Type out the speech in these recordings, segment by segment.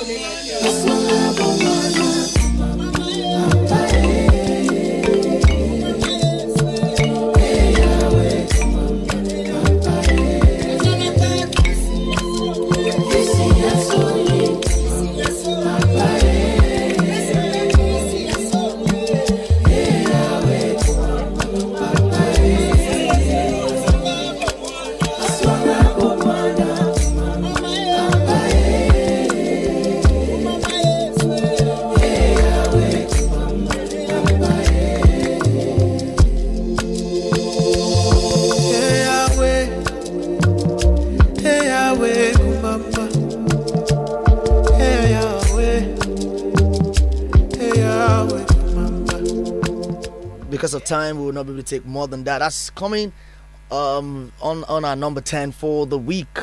sou time. We will not be able to take more than that. That's coming um, on on our number ten for the week.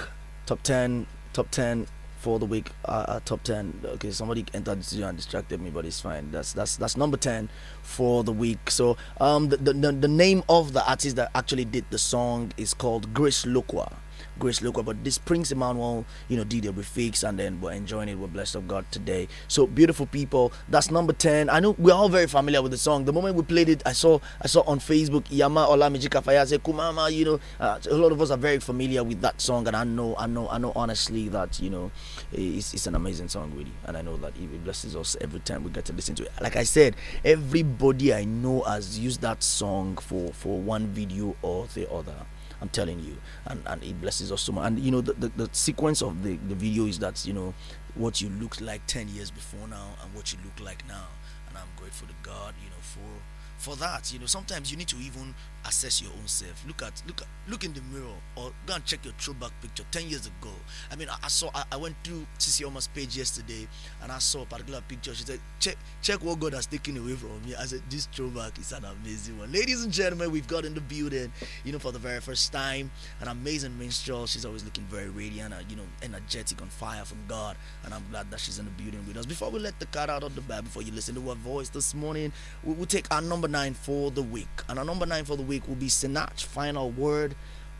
Top ten, top ten for the week. Uh, uh, top ten. Okay, somebody entered the studio and distracted me, but it's fine. That's that's that's number ten for the week. So um, the, the the name of the artist that actually did the song is called Grace Lukwa. Grace Local. But this Prince Emmanuel, you know, did a refix and then we're enjoying it. We're blessed of God today. So beautiful people. That's number 10. I know we're all very familiar with the song. The moment we played it, I saw I saw on Facebook Yama Olamiji Kafayase Kumama, you know, uh, a lot of us are very familiar with that song and I know I know I know honestly that, you know, it's, it's an amazing song really and I know that it blesses us every time we get to listen to it. Like I said, everybody I know has used that song for for one video or the other. I'm telling you, and and it blesses us so much. And you know, the, the, the sequence of the the video is that you know what you looked like 10 years before now and what you look like now, and I'm grateful to God, you know, for for that. You know, sometimes you need to even assess your own self. Look at look at, look in the mirror or go and check your throwback picture ten years ago. I mean, I, I saw I, I, went to CC Oma's page yesterday and I saw a particular picture. She said, check check what God has taken away from me. I said, this throwback is an amazing one, ladies and gentlemen. We've got in the building, you know, for the very first time, an amazing minstrel. She's always looking very radiant, and, you know, energetic, on fire from God, and I'm glad that she's in the building with us. Before we let the cat out of the bag, before you listen to her voice this morning, we will take our number nine for the week, and our number nine for the week week will be Sinach, final word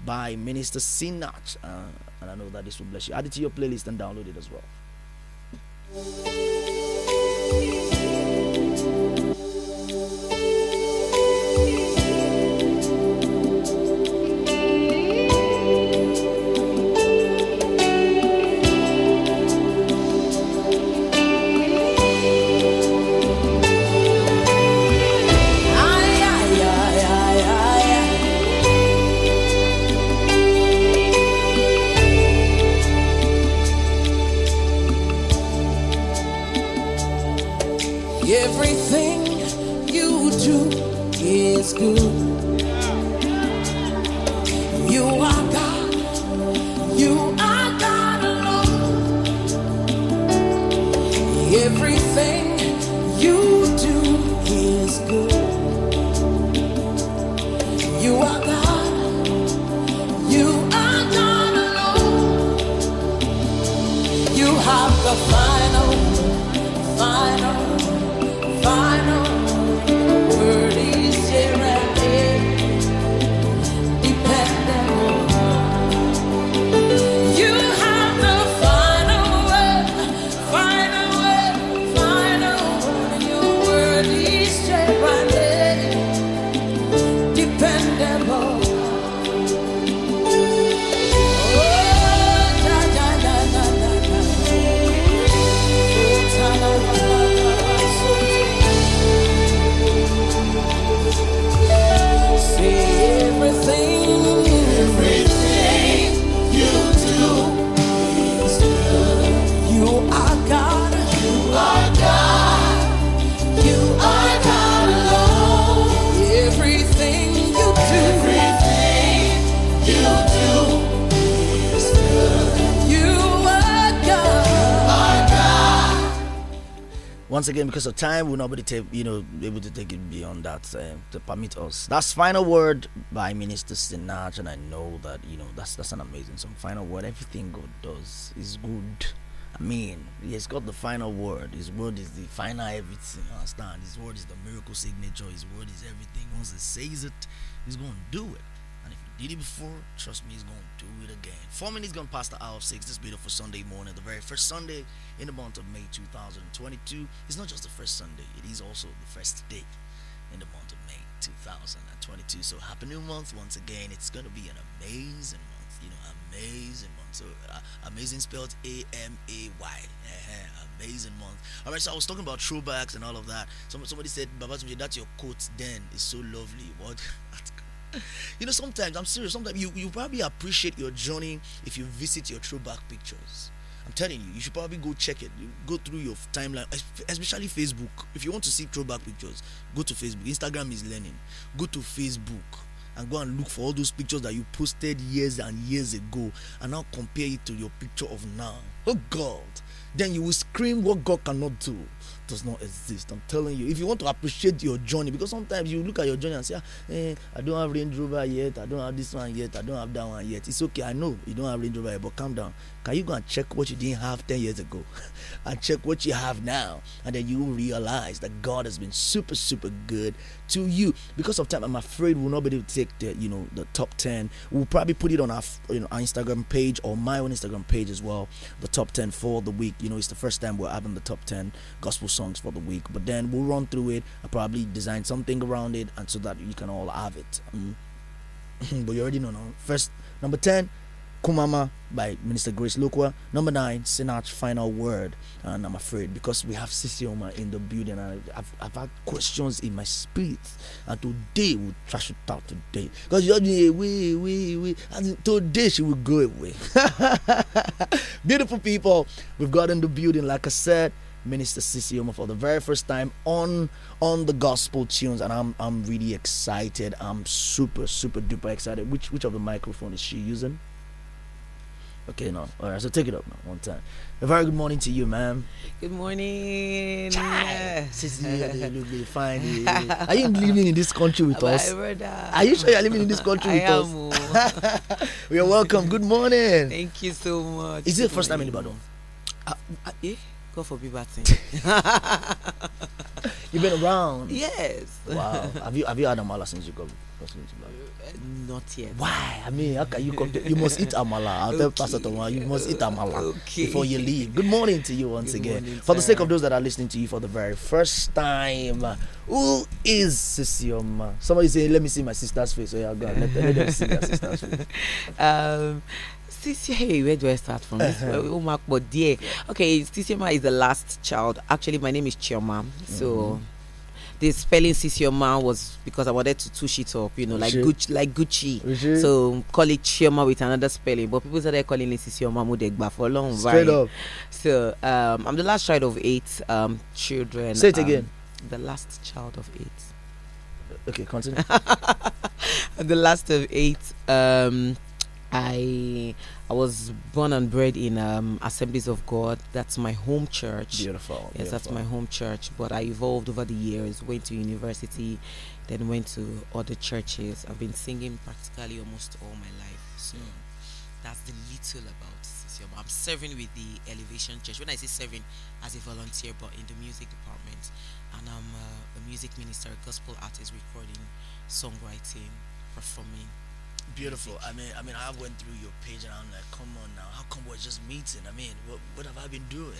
by Minister Sinach. Uh, and I know that this will bless you. Add it to your playlist and download it as well. again because of time. We'll not take, you know able to take it beyond that uh, to permit us. That's final word by Minister Sinach, and I know that you know that's that's an amazing some Final word. Everything God does is good. I mean, He's got the final word. His word is the final everything. understand? His word is the miracle signature. His word is everything. Once He says it, He's going to do it. Did it before? Trust me, he's going to do it again. Four minutes gone past the hour of six. This beautiful Sunday morning, the very first Sunday in the month of May 2022. It's not just the first Sunday, it is also the first day in the month of May 2022. So, happy new month once again. It's going to be an amazing month. You know, amazing month. So, uh, amazing spelled A M A Y. Uh-huh, amazing month. All right, so I was talking about throwbacks and all of that. Some, somebody said, Baba, that's your coat then. is so lovely. What? you know, sometimes I'm serious. Sometimes you you probably appreciate your journey if you visit your throwback pictures. I'm telling you, you should probably go check it. You go through your timeline, especially Facebook. If you want to see throwback pictures, go to Facebook. Instagram is learning. Go to Facebook and go and look for all those pictures that you posted years and years ago and now compare it to your picture of now. Oh God. Then you will scream what God cannot do does not exist. I'm telling you. If you want to appreciate your journey, because sometimes you look at your journey and say, ah, eh, I don't have Range Rover yet, I don't have this one yet, I don't have that one yet. It's okay, I know you don't have Range Rover yet, but calm down. Can you go and check what you didn't have 10 years ago and check what you have now? And then you realize that God has been super, super good to you. Because of time, I'm afraid we'll not be able to take the, you know, the top 10. We'll probably put it on our, you know, our Instagram page or my own Instagram page as well, the top 10 for the week. You know, it's the first time we're having the top 10 gospel gospel songs for the week. But then we'll run through it. I probably design something around it, and so that you can all have it. Um, but you already know now. First, number ten, Kumama by Minister Grace Lukwa. Number nine, Sinach Final Word. And I'm afraid because we have Sisioma in the building, and I've, I've had questions in my spirit. And today we'll trash it out today. Because you're doing we, we, we. And today she will go away. Beautiful people, we've got in the building, like I said. Minister Sissy for the very first time on on the gospel tunes, and I'm I'm really excited. I'm super super duper excited. Which which of the microphone is she using? Okay, no. All right, so take it up now, one time. A very good morning to you, ma'am. Good morning. Child. Yeah. you look fine. Are you living in this country with us? Are you sure you're living in this country with us? we oh. are welcome. Good morning. Thank you so much. Is it the first time in Ibadan? Uh, uh, yeah. God forbid bad thing. You've been around. Yes. Wow. Have you have you had amala since you got since you got? Uh, not yet. Why? I mean, how can you come? you must eat amala. I'll okay. tell Pastor Toma. You must eat amala okay. before you leave. Good morning to you once Good again. Morning, for the sake of those that are listening to you for the very first time, uh, who is Sisioma? Somebody say, "Let me see my sister's face." Oh yeah, God, let, let them see their sister's face. Um, Tisiema, where do I start from? Uh-huh. Oh, okay, Tisiema is the last child. Actually, my name is Chioma. So. Mm -hmm the spelling Sisioma was because I wanted to touch it up, you know, like Gucci, like Gucci. So call it Chioma with another spelling, but people started calling it Sisioma Mudegba for long, Straight right? up. So um, I'm the last child of eight um, children. Say it um, again. The last child of eight. Okay, continue. the last of eight um, I I was born and bred in um, Assemblies of God. That's my home church. Beautiful. Yes, beautiful. that's my home church. But I evolved over the years. Went to university, then went to other churches. I've been singing practically almost all my life. So that's the little about I'm serving with the Elevation Church. When I say serving, as a volunteer, but in the music department, and I'm uh, a music minister, gospel artist, recording, songwriting, performing. Beautiful. I mean, I mean, I went through your page and I'm like, come on now, how come we're just meeting? I mean, what, what have I been doing?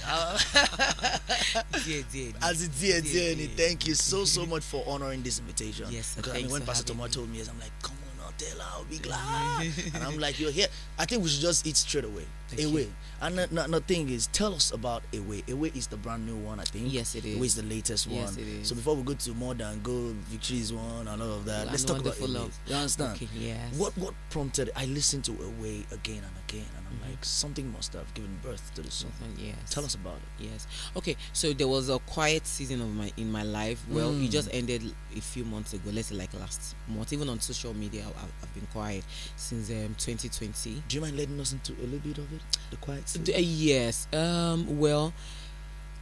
dear, dear, As dear, dear, dear, dear, thank you so so much for honoring this invitation. Yes, because I mean, when Pastor Tomo told me, I'm like, come Stella, I'll be glad. and I'm like, you're here. I think we should just eat straight away. Thank away. You. And the, the, the, thing is, tell us about Away. Away is the brand new one, I think. Yes, it is. Away is the latest yes, one. Yes, it is. So before we go to more than go, Victory's one, and all of that, well, let's talk about Away. Love. You understand? Okay, yes. What, what prompted I listened to Away again and again and like something must have given birth to this song. Mm, yes. Tell us about it. Yes. Okay. So there was a quiet season of my in my life. Well, mm. it just ended a few months ago. Let's say like last month. Even on social media, I, have been quiet since um, 2020. Do you mind letting us into a little bit of it? The quiet season. uh, yes. Um. Well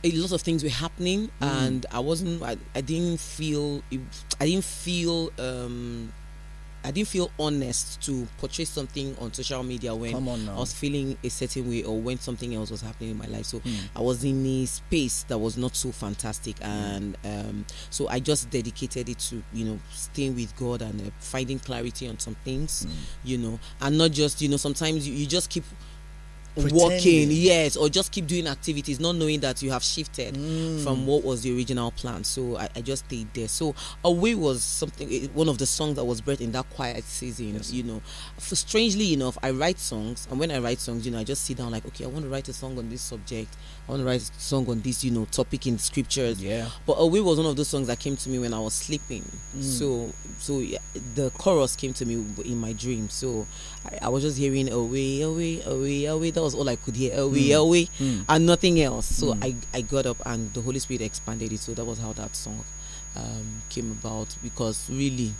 a lot of things were happening mm. and i wasn't I, I didn't feel i didn't feel um I didn't feel honest to portray something on social media when I was feeling a certain way or when something else was happening in my life. So mm. I was in a space that was not so fantastic, hmm. and um, so I just dedicated it to you know staying with God and uh, finding clarity on some things, mm. you know, and not just you know sometimes you, you just keep Pretending. working yes or just keep doing activities not knowing that you have shifted mm. from what was the original plan so I, I, just stayed there so away was something eh, one of the songs that was bred in that quiet season yes. you know For strangely enough i write songs and when i write songs you know i just sit down like okay i want to write a song on this subject I want to write a song on this, you know, topic in scriptures. Yeah. But Away was one of those songs that came to me when I was sleeping. Mm. So, so the chorus came to me in my dream. So I, I, was just hearing Away, Away, Away, Away. That was all I could hear. Away, mm. Away, mm. and nothing else. So mm. I, I got up and the Holy Spirit expanded it. So that was how that song um, came about because really.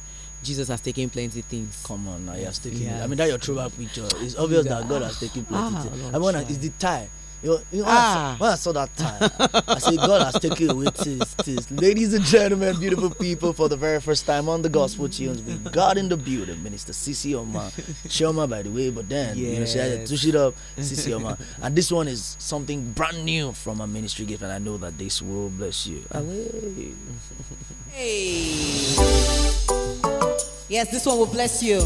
Jesus has taken plenty things. Come on, now, he has taken. Yes. I mean, that your true picture. It's obvious yeah. that God has taken plenty ah, things. I mean, to it's the time you, you ah. when I saw that time, I said, God has taken away this, this. Ladies and gentlemen, beautiful people, for the very first time on the gospel tunes, we got in the building. Minister Sisi Oma, Chioma, by the way, but then, yes. you know, she had to touch it up, Sisi Oma. And this one is something brand new from our ministry gift, and I know that this will bless you. Hey. Yes, this one will bless you.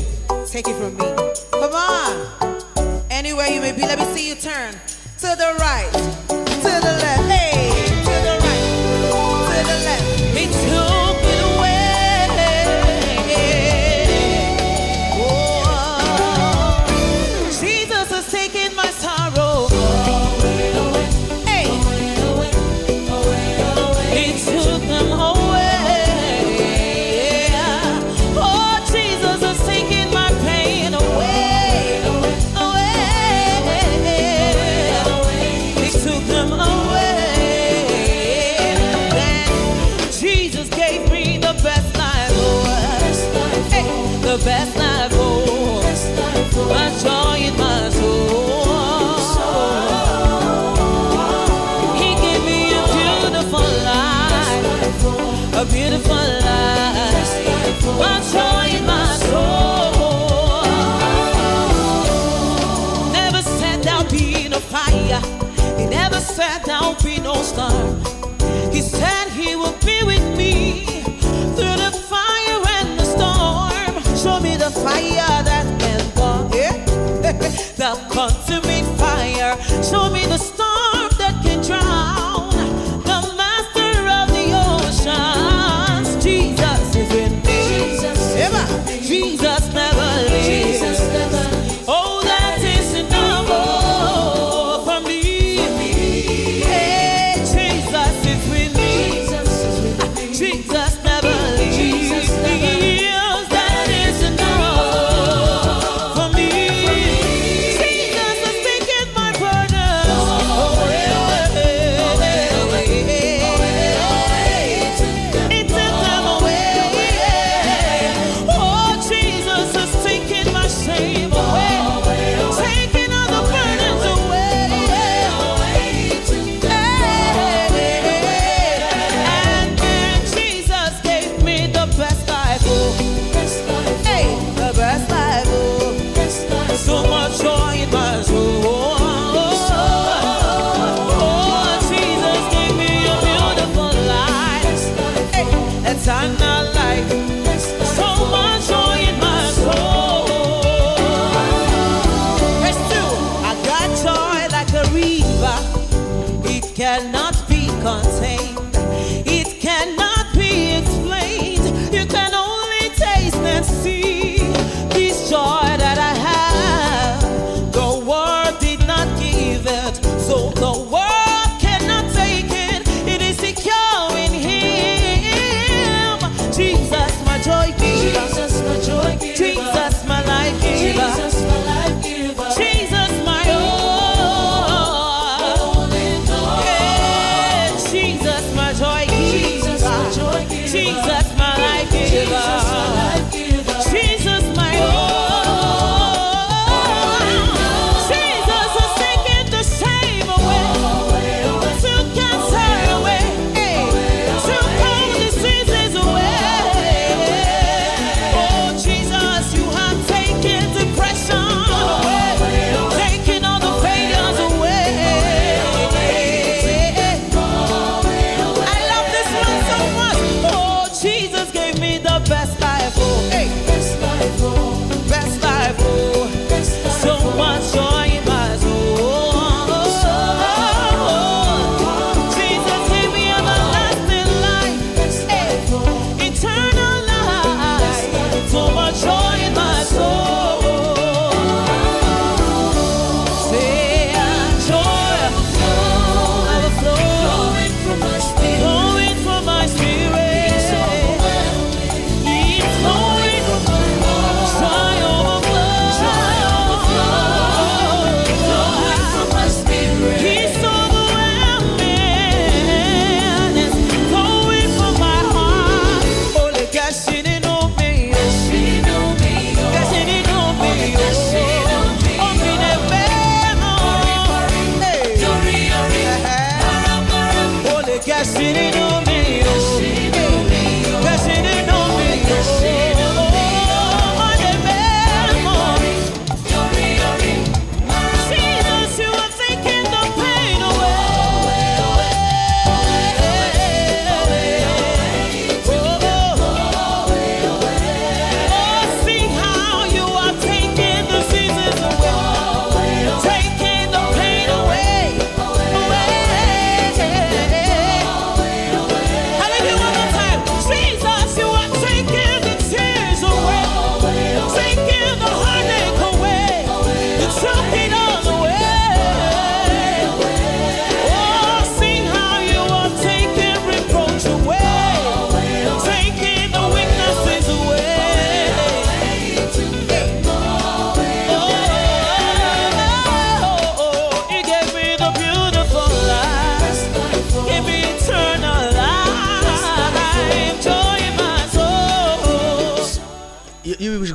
Take it from me. Come on. Anywhere you may be, let me see you turn to the right, to the left. Hey. said there'll be no star.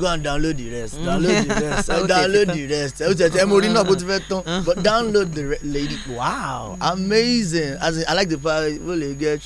go and download the rest mm. download the rest download the rest ẹ̀ tí ẹ mo rí náà bó mo ri naa tán mm. but download the rest lady wow amazing as in I like the part wey le get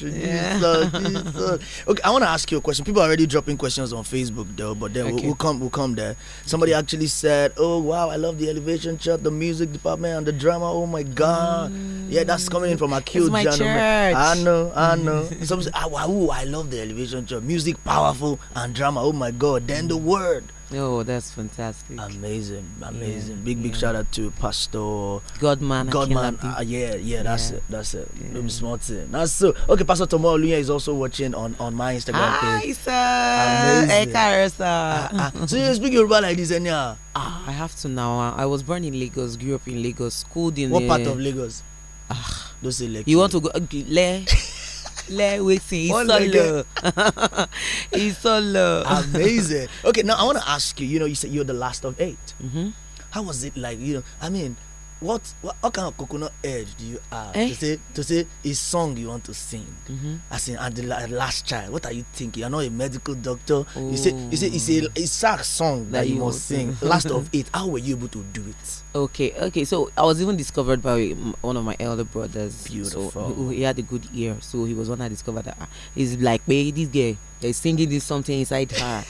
okay I wanna ask you a question people are already dropping questions on Facebook though but then okay. we'll, we'll come we'll come there somebody actually said oh wow I love the elevation chart the music department and the drama oh my god mm. yeah that's coming in from cute gentleman I know I mm. know some say ah wow I love the elevation chart music powerful and drama oh my god then the word Lord. Oh, that's fantastic! Amazing, amazing! Yeah, big, big shout out to Pastor Godman. Godman, uh, yeah, yeah, that's yeah. it, that's it. Yeah. Maybe small thing. That's so okay. Pastor Tomo Oluya is also watching on on my Instagram Hi, page. Hi, sir. Hey, Kara, Uh, uh. Ah. so you speak Yoruba like this, anya? Ah. I have to now. I was born in Lagos, grew up in Lagos, schooled in. What part of Lagos? Ah, don't say Lekki. You want to go? Uh, le. Lewisi, Isolo. Isolo. Amazing. Okay, now I want to ask you, you know, you said you're the last of 8 mm -hmm. How was it like, you know, I mean, what, what what kind of coconut head do you have eh? to say to say a song you want to sing mm -hmm. as in and the la last child what are you thinking you are not a medical doctor oh. you say you say it's a oh. it's a song that, that you must sing last of it how were you able to do it okay okay so i was even discovered by one of my elder brothers beautiful so, he had a good ear so he was one i discovered that ah, he's like hey this guy there's singing is something inside her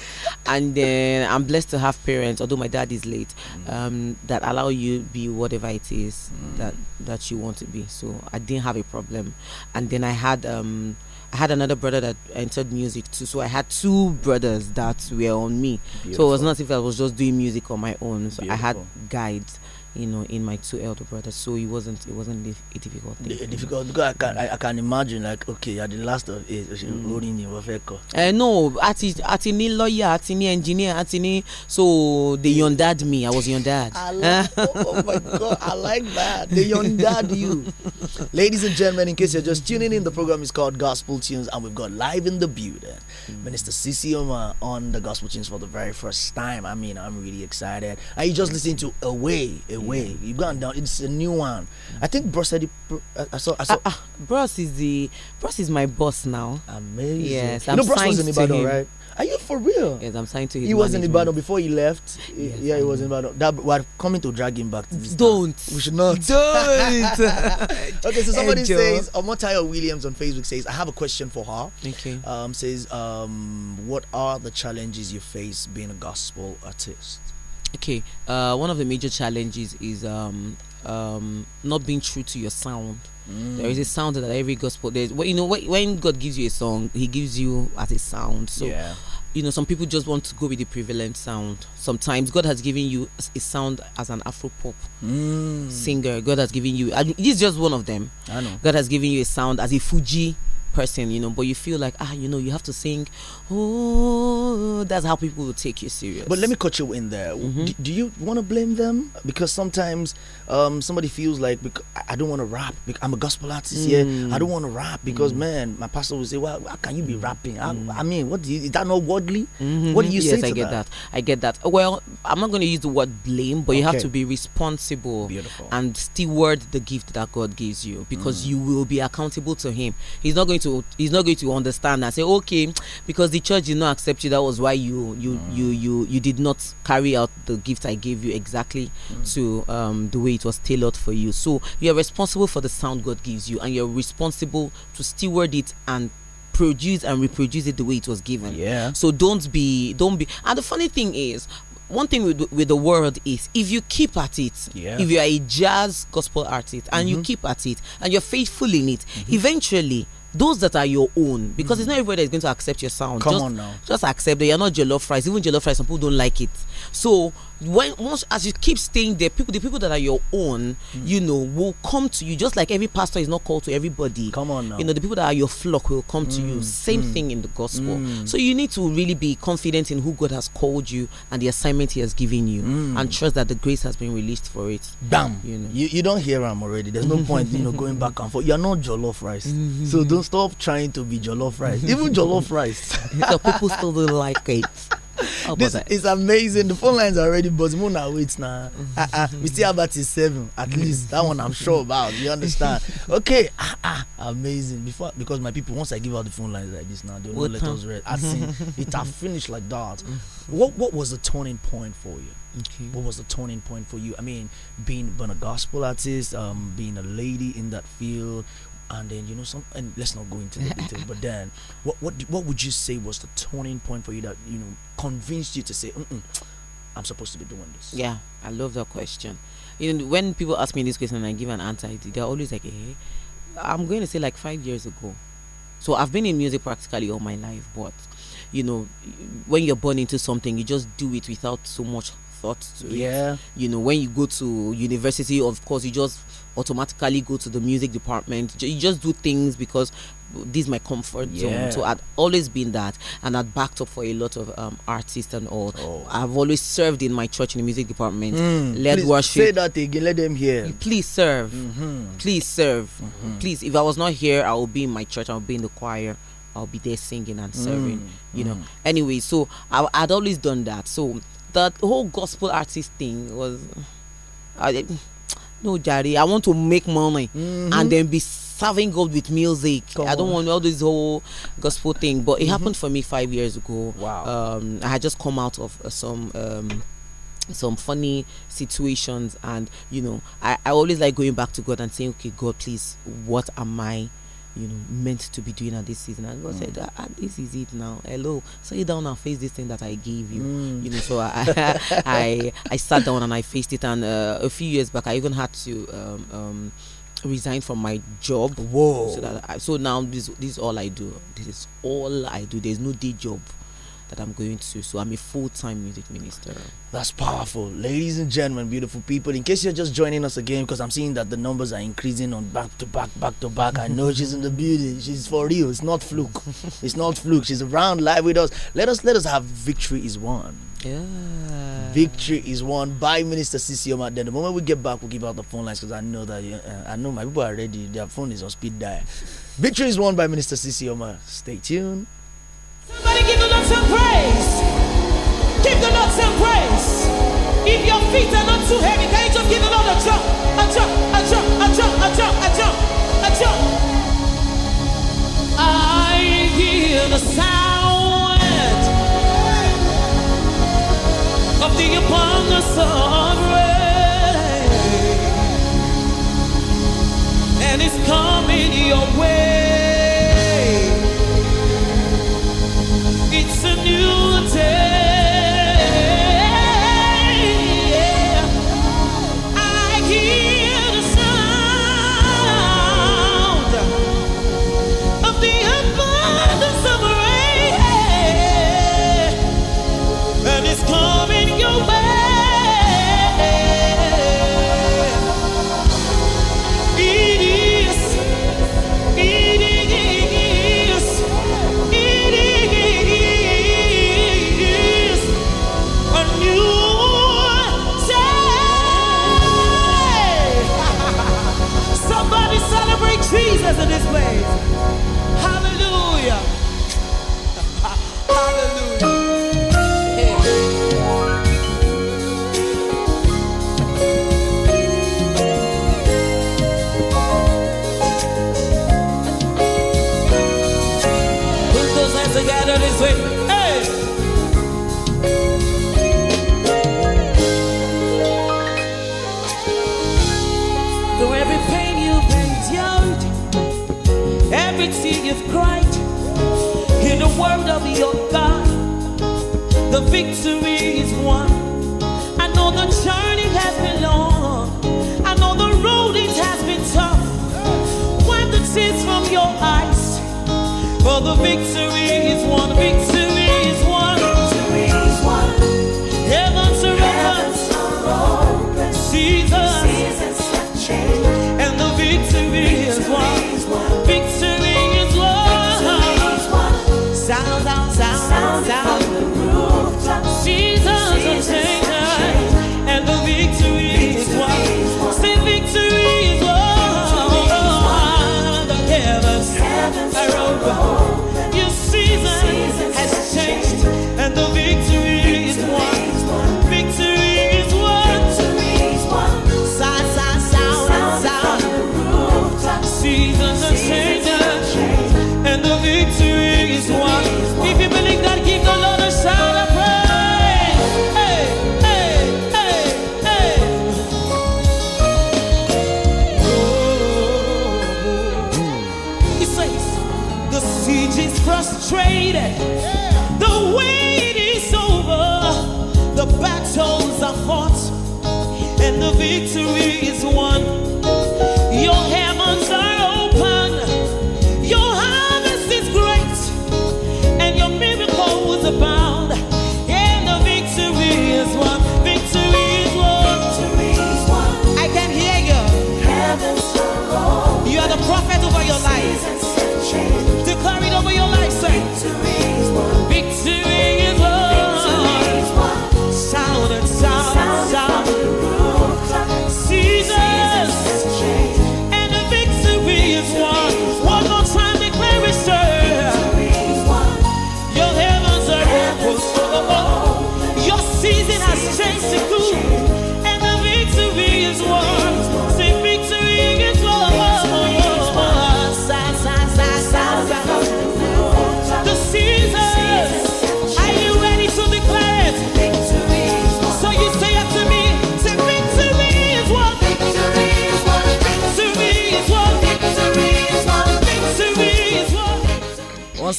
and then i'm blessed to have parents although my dad is late mm. um, that allow you be whatever it is mm. that that you want to be so i didn't have a problem and then i had um, I had another brother that entered music too, so I had two brothers that were on me. Beautiful. So it was not if I was just doing music on my own. So Beautiful. I had guides you know, in my two elder brothers. So it wasn't it wasn't a difficult thing. The, difficult because I can I, I, can imagine like okay, at the last of it, eh, eh, mm. rolling in Wafeko. Uh, eh, no, ati at ni lawyer, at ni engineer, at ni so they yondad me. I was yondad. I like, oh, oh, my god, I like that. They yondad you, ladies and gentlemen. In case you're just tuning in, the program is called Gospel Tunes, and we've got live in the building, mm. Minister cc Omar on the Gospel Tunes for the very first time. I mean, I'm really excited. Are you just listening to Away away. You go and down. It's a new one. I think Bros said I saw. I saw. Uh, uh, Bros is the Bros is my boss now. Amazing. Yes, I'm know, Bros signed was in Ibadan, right? Are you for real? Yes, I'm signed to his. He was management. in Ibadan before he left. Yes, yeah, he was in Ibadan. That we're coming to drag him back. Don't. Time. We should not. Don't. okay, so somebody Enjoy. says Omotaya Williams on Facebook says I have a question for her. Okay. Um, says um, what are the challenges you face being a gospel artist? okay uh, one of the major challenges is um, um, not being true to your sound mm. there is a sound that every gospel there's well, you know when god gives you a song he gives you as a sound so yeah. you know some people just want to go with the prevalent sound sometimes god has given you a sound as an afro pop mm. singer god has given you I, this is just one of them i know god has given you a sound as a fuji person, you know, but you feel like, ah, you know, you have to sing. Oh, that's how people will take you serious. But let me cut you in there. Mm -hmm. do, do, you want to blame them? Because sometimes um, somebody feels like I don't want to rap. I'm a gospel artist here. Mm. I don't want to rap because mm. man, my pastor will say, "Well, how can you be rapping? I, mm. I mean, what you, is that not worldly? -hmm. What do you mm-hmm. yes, say to I get that? that? I get that. Well, I'm not going to use the word blame, but okay. you have to be responsible Beautiful. and steward the gift that God gives you because mm. you will be accountable to Him. He's not going to He's not going to understand and say, "Okay, because the church did not accept you, that was why you you mm. you you you did not carry out the gift I gave you exactly to um, the way." it was tailored for you. So you're responsible for the sound God gives you, and you're responsible to steward it and produce and reproduce it the way it was given. Yeah. So don't be, don't be. And the funny thing is, one thing with, with the world is if you keep at it, yeah. if you are a jazz gospel artist and mm -hmm. you mm-hmm. keep at it and you're faithful in it, mm -hmm. eventually those that are your own because mm -hmm. it's mm-hmm. not everybody is going to accept your sound. Come just, on now. Just accept that you're not jello fries. Even jello fries, some people don't like it. So when once as you keep staying there, people the people that are your own, mm. you know, will come to you just like every pastor is not called to everybody. Come on now. You know, the people that are your flock will come mm. to you. Hmm. Same mm. thing in the gospel. Hmm. So you need to really be confident in who God has called you and the assignment he has given you hmm. and trust that the grace has been released for it. Bam. You know. You, you don't hear him already. There's no point, you know, going back and forth. You're not jollof rice. Mm-hmm. So don't stop trying to be jollof rice. Even jollof rice. the people still don't like it. Oh, this is amazing. The phone lines are already buzzing. we waits now. Uh, uh, we still have at seven, at mm. least. That one I'm sure about. You understand? Okay. Ah, ah, amazing. Before because my people, once I give out the phone lines like this now, they will let us read. I see it. I finished like that. Mm. What What was the turning point for you? Okay. What was the turning point for you? I mean, being, being a gospel artist, um, being a lady in that field and then you know some and let's not go into the detail but then what what what would you say was the turning point for you that you know convinced you to say mm -mm, i'm supposed to be doing this yeah i love that question you know when people ask me this question and i give an answer they're always like hey eh, i'm going to say like five years ago so i've been in music practically all my life but you know when you're born into something you just do it without so much thought to it. Yeah. You know, when you go to university, of course, you just automatically go to the music department. You just do things because this is my comfort yeah. zone. So i have always been that, and i backed up for a lot of um, artists and all. Oh. I've always served in my church in the music department, mm, led please worship. Say that again. Let them hear. Please serve. Mm -hmm. Please serve. Mm -hmm. Please. If I was not here, I would be in my church. I would be in the choir. I'll be there singing and serving. Mm. You know. Mm. Anyway, so I, I'd always done that. So the whole gospel artist thing was I, no Daddy. I want to make money mm -hmm. and then be serving God with music. Come I don't on. want all this whole gospel thing. But it mm -hmm. happened for me five years ago. Wow. Um, I had just come out of uh, some um, some funny situations, and you know, I, I always like going back to God and saying, okay, God, please, what am I? you know meant to be doing at this season and god mm. said ah, this is it now hello sit down and face this thing that i gave you mm. you know so I, I, I sat down and i faced it and uh, a few years back i even had to um, um, resign from my job whoa so, I, so now this, this is all i do this is all i do there's no day job that I'm going to. So I'm a full time music minister. That's powerful. Ladies and gentlemen, beautiful people, in case you're just joining us again, because I'm seeing that the numbers are increasing on back to back, back to back. I know she's in the building. She's for real. It's not fluke. it's not fluke. She's around live with us. Let us let us have victory is won. Yeah. Victory is won by Minister Sisioma. Then the moment we get back, we'll give out the phone lines because I know that uh, I know my people are ready. Their phone is on speed dial. Victory is won by Minister Sisioma. Stay tuned. Somebody give the Lord some praise. Give the Lord some praise. If your feet are not too heavy, can you just give the Lord a jump, a jump, a jump, a jump, a jump, a jump, a jump? I hear the sound of the abundance of rain, and it's coming your way. victory is won. I know the journey has been long. I know the road it has been tough. Wipe the tears from your eyes, for the victory is won. Victory is won. Victory is won. Heaven's, open. Seasons have changed.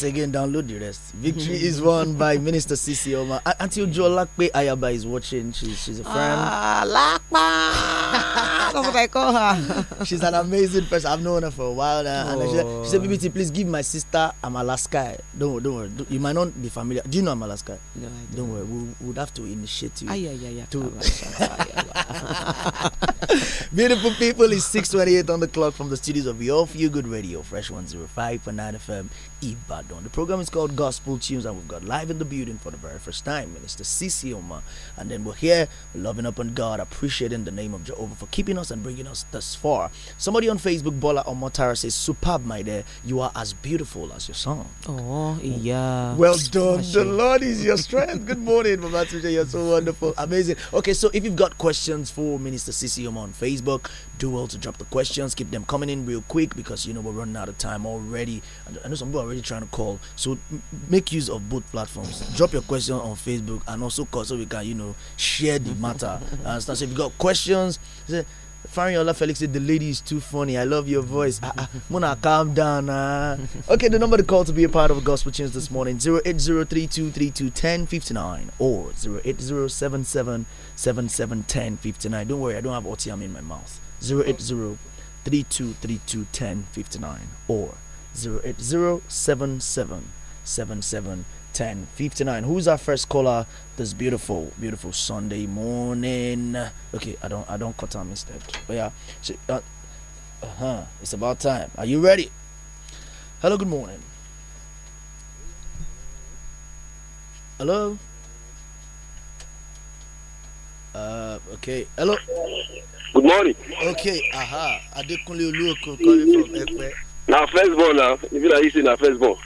again, download the rest. Victory is won by Minister Sisi Oma. until Ojo Ayaba is watching. She's, she's a friend. Ah, That's what I call her. she's an amazing person. I've known her for a while now. Oh. she, said, she said, oh. BBT, please give my sister Amalaska. Don't, don't worry. You might not be familiar. Do you know Amalaska? No, I don't. Don't worry. We would have to initiate you. Ah, yeah, yeah, yeah. To Beautiful people, it's 628 on the clock from the studios of Your Feel Good Radio, Fresh 105.9 FM. Ibadan. The program is called Gospel Tunes, and we've got live in the building for the very first time Minister Sisi Oma. And then we're here, loving up on God, appreciating the name of Jehovah for keeping us and bringing us thus far. Somebody on Facebook, Bola Omotara, says, Superb, my dear, you are as beautiful as your song. Oh, yeah. Well done. The Lord is your strength. Good morning, Mama Tuja. You're so wonderful. Amazing. Okay, so if you've got questions for Minister Sisi Oma on Facebook, do well to drop the questions. Keep them coming in real quick because you know we're running out of time already. I know some people are already trying to call, so make use of both platforms. Drop your question on Facebook and also call so we can you know share the matter. and so if you got questions, say, Fariola Felix said the lady is too funny. I love your voice. Ah, ah, Mona, calm down. Ah. Okay, the number to call to be a part of Gospel Change this morning 08032321059 or 08077771059. Don't worry, I don't have OTM in my mouth. Zero eight zero, three two three two ten fifty nine or zero eight zero seven seven seven seven ten fifty nine. who's our first caller this beautiful beautiful sunday morning okay i don't i don't cut time instead but yeah so, uh, uh-huh it's about time are you ready hello good morning hello uh, okay. Hello. Good morning. Okay. Aha. Adekunle Oluokun calling from Epe. na first all, now if you like you a na first born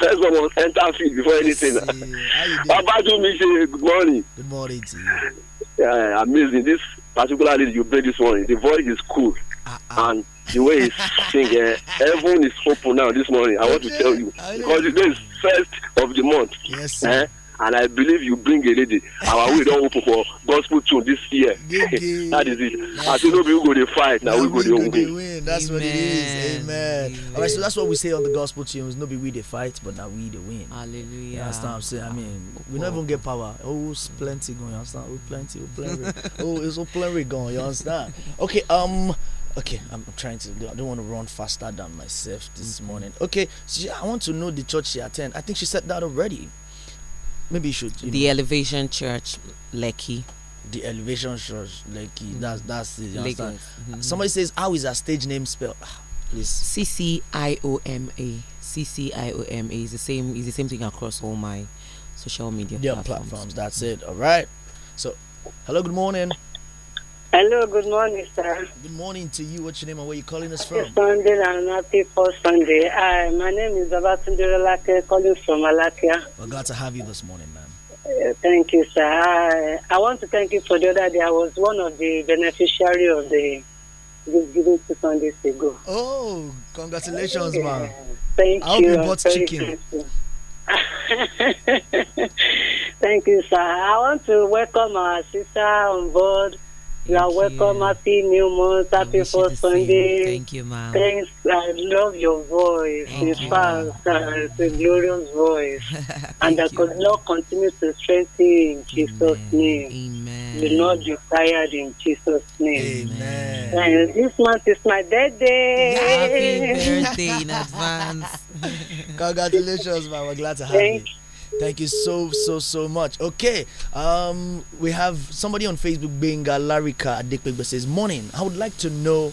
first born must enter field before anything you babajumi say good morning good morning to you yeah, amazing this particularly you play this morning the voice is cool uh -uh. and the way he singing. eh everyone is open now this morning i want to tell you because today is first of the month yes, sir. Eh? and I believe you bring a lady. Our way don't open for gospel tune this year. that is it. I said no people go to fight, now we go to win. That's Amen. what it is. Amen. Amen. All right, so that's what we say on the gospel tunes. No be we the fight, but now we the win. Hallelujah. You understand what I'm saying? I mean, we never not even get power. Oh, it's plenty going. You understand? Oh, plenty, oh, plenty. oh, it's all oh, plenty going. You understand? Okay, um. Okay, I'm, trying to. I don't want to run faster than myself this mm-hmm. morning. Okay, so I want to know the church she attend. I think she said that already maybe you should. You the know. Elevation Church, lecky The Elevation Church, lecky Mm -hmm. That's that's Mm -hmm. Somebody says, "How is a stage name spelled?" Ah, please. C C I O M A. C C I O M A is the same. Is the same thing across all my social media yeah, platforms. platforms. That's mm -hmm. it. All right. So, hello. Good morning. Hello, good morning, sir. Good morning to you. What's your name and where you calling us from? Happy Sunday and happy Paul Sunday. Hi, my name is Abatunde Lake, calling from Malakia. We're glad to have you this morning, ma'am. Uh, thank you, sir. I, I, want to thank you for the other day. I was one of the beneficiaries of the giving two Sundays ago. Oh, congratulations, uh, ma'am. Thank I you. I hope you bought chicken. thank you, sir. I want to welcome our sister on board you are welcome. Happy new month. Happy for Sunday. Thank you, ma'am. Thanks. I love your voice. Thank it's fast. Uh, it's a glorious voice. and that God Lord continue to strengthen in Jesus' Amen. name. Amen. Lord not be tired in Jesus' name. Amen. And this month is my birthday. Happy birthday in advance. Congratulations, ma'am. We're glad to have Thank you. Thank you so so so much. Okay, um, we have somebody on Facebook, a Larika Adikpegbe says, "Morning. I would like to know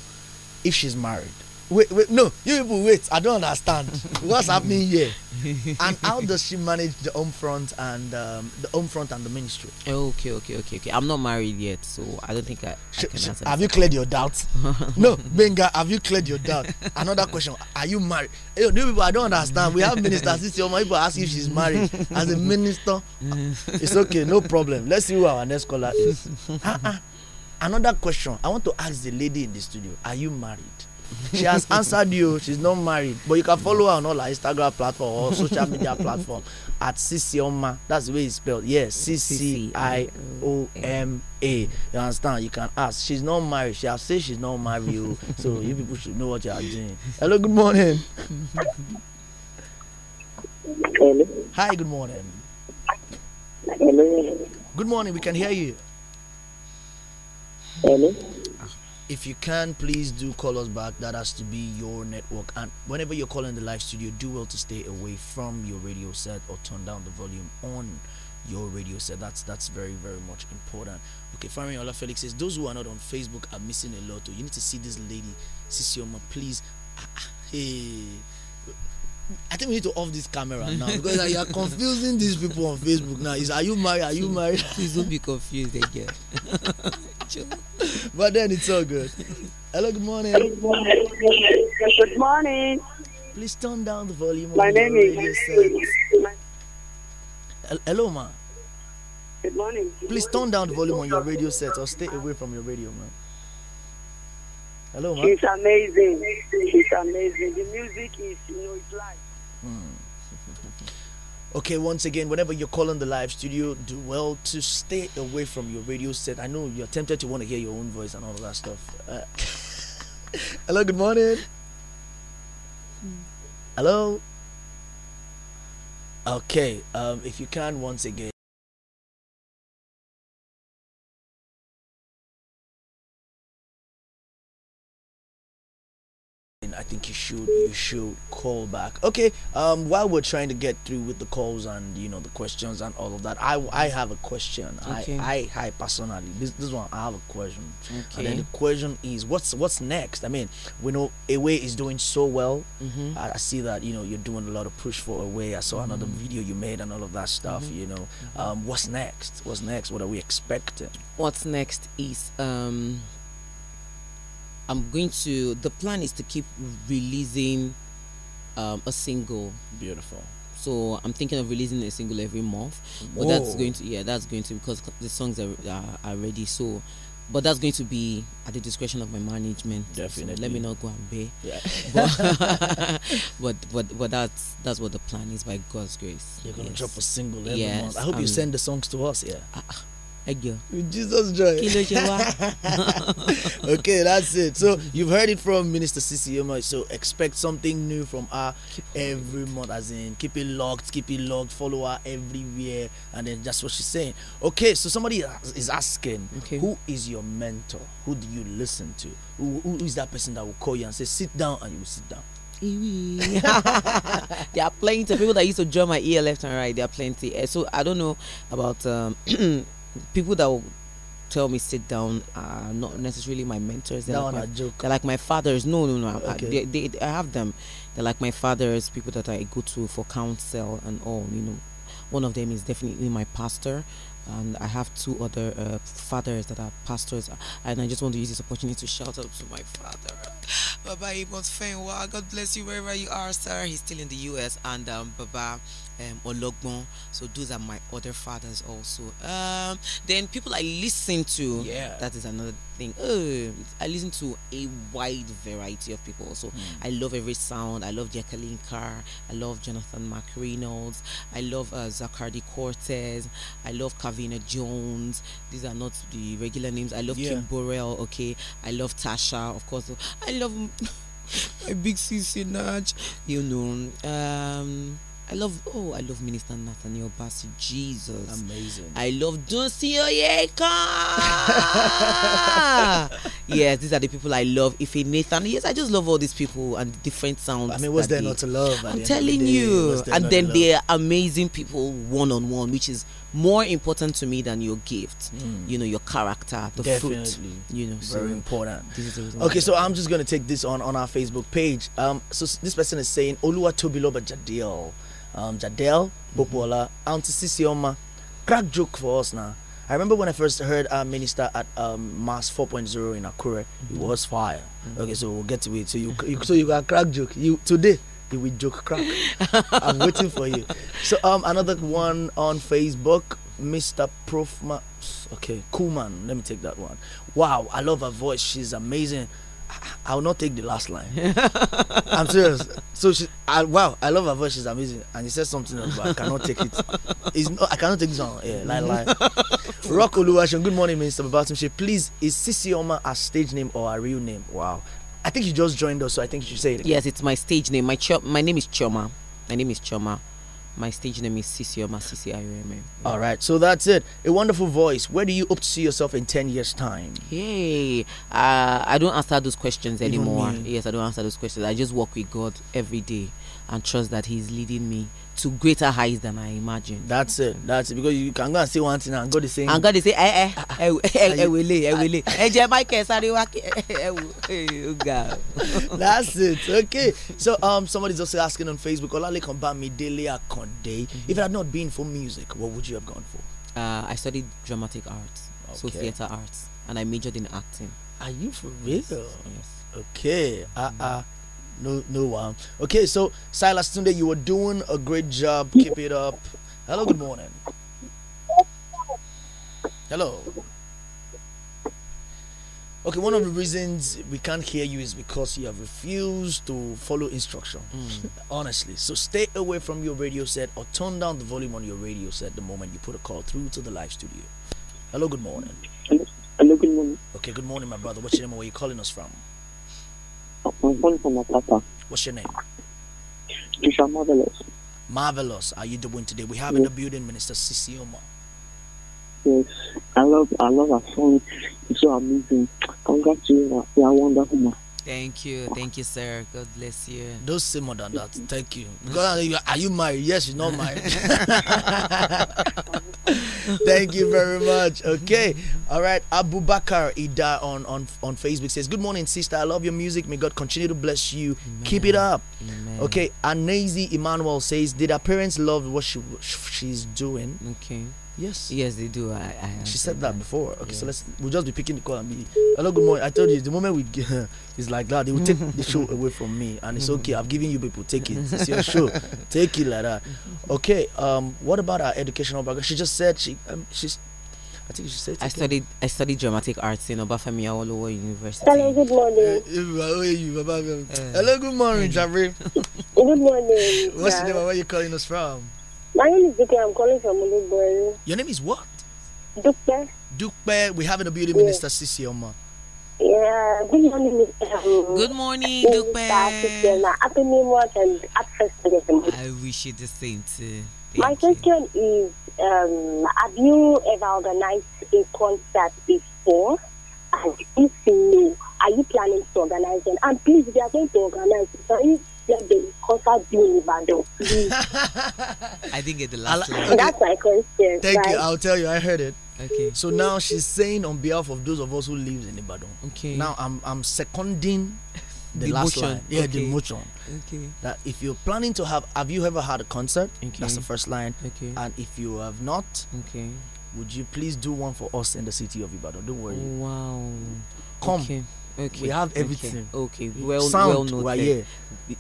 if she's married." wait wait no you people wait i don't understand what's happening here and how does she manage the home front and um, the home front and the ministry. okay okay okay okay i'm not married yet so i don't think i, sh I can answer have you cleared your doubts no benga have you cleared your doubt another question are you married hey, new people i don't understand we have minister sisi my people ask if she's married as a minister uh, it's okay no problem let's see who our next caller is ah, ah, another question i want to ask the lady in the studio are you married she has answered you she's not married but you can follow her on all her instagram platform or social media platform at ccioma that's the way it's spelled yes c-c-i-o-m-a you understand you can ask she's not married she has said she's not married oh. so you people should know what you are doing hello good morning hello hi good morning hello good morning we can hear you hello if you can please do call us back that has to be your network and whenever you're calling the live studio do well to stay away from your radio set or turn down the volume on your radio set that's that's very very much important okay firing Ola Felix says those who are not on Facebook are missing a lot you need to see this lady Sisioma please ah, ah, hey I think we need to off this camera now because like, you are confusing these people on Facebook now. Is are you married? Are you married? Please don't be confused eh, again. but then it's all good. Hello, good morning. Good morning. Good morning. Please turn down the volume. My name is. Hello, ma. Good morning. Please turn down the volume on your radio set or stay away from your radio, man. Hello, ma. It's amazing. It's amazing. The music is, you know, it's life. Hmm. Okay, once again, whenever you're calling the live studio, do well to stay away from your radio set. I know you're tempted to want to hear your own voice and all of that stuff. Uh, hello, good morning. Hmm. Hello. Okay, um, if you can, once again. should you should call back okay um while we're trying to get through with the calls and you know the questions and all of that i i have a question okay. i i i personally this this one i have a question okay and then the question is what's what's next i mean we know away is doing so well mm-hmm. I, I, see that you know you're doing a lot of push for away i saw mm-hmm. another video you made and all of that stuff mm-hmm. you know mm-hmm. um what's next what's next what are we expecting what's next is um I'm going to. The plan is to keep releasing um, a single. Beautiful. So I'm thinking of releasing a single every month, but Whoa. that's going to yeah, that's going to because the songs are, are, are ready. So, but that's going to be at the discretion of my management. Definitely. So let me not go and Yeah. But, but, but but that's that's what the plan is by God's grace. You're gonna yes. drop a single every yes, month. I hope um, you send the songs to us. Yeah ẹjọ. jesus joy. kí ló ṣe wá. okay that's it so you've heard it from minister sisi so expect something new from her every month as in keep it locked keep it locked follow her everywhere and then that's what she's saying okay so somebody is asking okay. who is your mentor who do you listen to who, who is that person that will call you and say sit down and you will sit down. there are plenty of people that used to drum my ear left and right. There are plenty. Eh, so I don't know about um, people that will tell me sit down are not necessarily my mentors. They're, no, like, my, they're like my fathers. No, no, no. Okay. I, they, they, I have them. They're like my fathers, people that I go to for counsel and all. You know, one of them is definitely my pastor. And I have two other uh, fathers that are pastors, and I just want to use this opportunity to shout out to my father, Baba Ibon Fenwa. God bless you wherever you are, sir. He's still in the U.S. and um, Baba um, Ologbon. So those are my other fathers also. Um, then people I listen to. Yeah. That is another thing. Oh, I listen to a wide variety of people. So mm. I love every sound. I love Jacqueline Carr. I love Jonathan McReynolds. I love uh, Zacardi Cortez. I love Kavina Jones. These are not the regular names. I love yeah. Kim Burrell. Okay. I love Tasha, of course. I love. my big sister Sinach, you know. Um, I love oh I love Minister Nathaniel Bassi Jesus amazing I love Dunsi Oyeka yes these are the people I love Ife Nathan yes I just love all these people and different sounds I mean what's there they, not to love I'm telling you and then they're amazing people one on one which is more important to me than your gift mm. you know your character the Definitely. fruit you know very so important okay so I'm just gonna take this on on our Facebook page um so this person is saying Oluwa Tobiloba Jadil um, Jadel Bopola, Auntie Sisioma. Crack joke for us now. I remember when I first heard our minister at um, Mass 4.0 in Akure, it mm-hmm. was fire. Mm-hmm. Okay, so we'll get to it. So you, you so you got crack joke. You today you will joke crack. I'm waiting for you. So um another one on Facebook, Mr. Profma. Okay, cool man. Let me take that one. Wow, I love her voice. She's amazing. I will not take the last line. I'm serious. So she, I, wow, I love her voice. She's amazing. And he says something else, but I cannot take it. It's not, I cannot take this one. Yeah, lie, lie. Rock Oluwaseun. Good morning, Minister Babatunde. Please, is Sisi Oma a stage name or a real name? Wow. I think you just joined us, so I think you should say it. Again. Yes, it's my stage name. My my name is Choma. My name is Choma. My stage name is Sisi Oma All right, so that's it. A wonderful voice. Where do you hope to see yourself in 10 years' time? Hey, uh, I don't answer those questions anymore. Yes, I don't answer those questions. I just work with God every day and trust that He's leading me to greater heights than I imagine. That's it. That's it. Because you can go and say one thing and God is saying. And God is saying, eh, eh, eh, eh, wele, eh, wele. Eh, je Michael, sorry, eh, God. That's it. Okay. So, um, somebody's also asking on Facebook, Olale Kombami Dele Akonde. If it had not been for music, what would you have gone for? Uh, I studied dramatic arts, okay. so theater arts, and I majored in acting. Are you for real? Yes. yes. Okay. Uh, uh. No, no, one. Okay, so Silas Tunde, you were doing a great job. Keep it up. Hello, good morning. Hello. Okay, one of the reasons we can't hear you is because you have refused to follow instruction. Mm. Honestly. So stay away from your radio set or turn down the volume on your radio set the moment you put a call through to the live studio. Hello, good morning. Hello, good morning. Okay, good morning, my brother. What's your name? Where are you calling us from? What's your name? Tisha Marvelous. Marvelous. are you doing today? We have yes. in the building Minister Sisi Omar. Yes, I love I love her song. It's so amazing. Congratulations, you are wonderful. Thank you, thank you, sir. God bless you. Don't say more than that. Thank you. are you married? Yes, you're not married. Thank you very much. Okay. All right. Abu Bakar Ida on, on, on Facebook says, Good morning, sister. I love your music. May God continue to bless you. Amen. Keep it up. Amen. Okay. Anazi Emmanuel says, Did her parents love what she, she's doing? Okay. Yes. Yes, they do. I, I she said that, that before. Okay, yes. so let's we'll just be picking the call and be hello, good morning. I told you the moment we get, it's like that, they will take the show away from me, and it's okay. I've given you people, take it. It's your show, take it like that. Okay. Um, what about our educational background? She just said she um, she's. I think she said. I studied. I studied dramatic arts in Obafemi Awolowo University. Hello, good morning. Uh, hello, good morning, Jabri. good morning. What's yeah. your name? Where are you calling us from? My name is Dupe. I'm calling from Olugboeru. Your name is what? Dupe. Dupe. We have in the beauty yeah. minister, Sisi Oma. Yeah, good morning, um, Good morning, Dupe. Happy New Month and happy festival. I wish you the same too. Thank My you. question is um, Have you ever organized a concert before? And if no, are you planning to organize them? And please, we are going to organize in Ibadan. I didn't get the last line. Okay. That's my question. Thank right? you. I'll tell you. I heard it. Okay. So now she's saying on behalf of those of us who lives in Ibadan. Okay. Now I'm I'm seconding the, the last motion. line. Yeah, okay. the motion. Okay. That if you're planning to have, have you ever had a concert? Okay. That's the first line. Okay. And if you have not, okay. Would you please do one for us in the city of Ibadan? Don't worry. Wow. Come. Okay. Okay. We have everything. Okay. okay. Well, sound, well noted. We're here.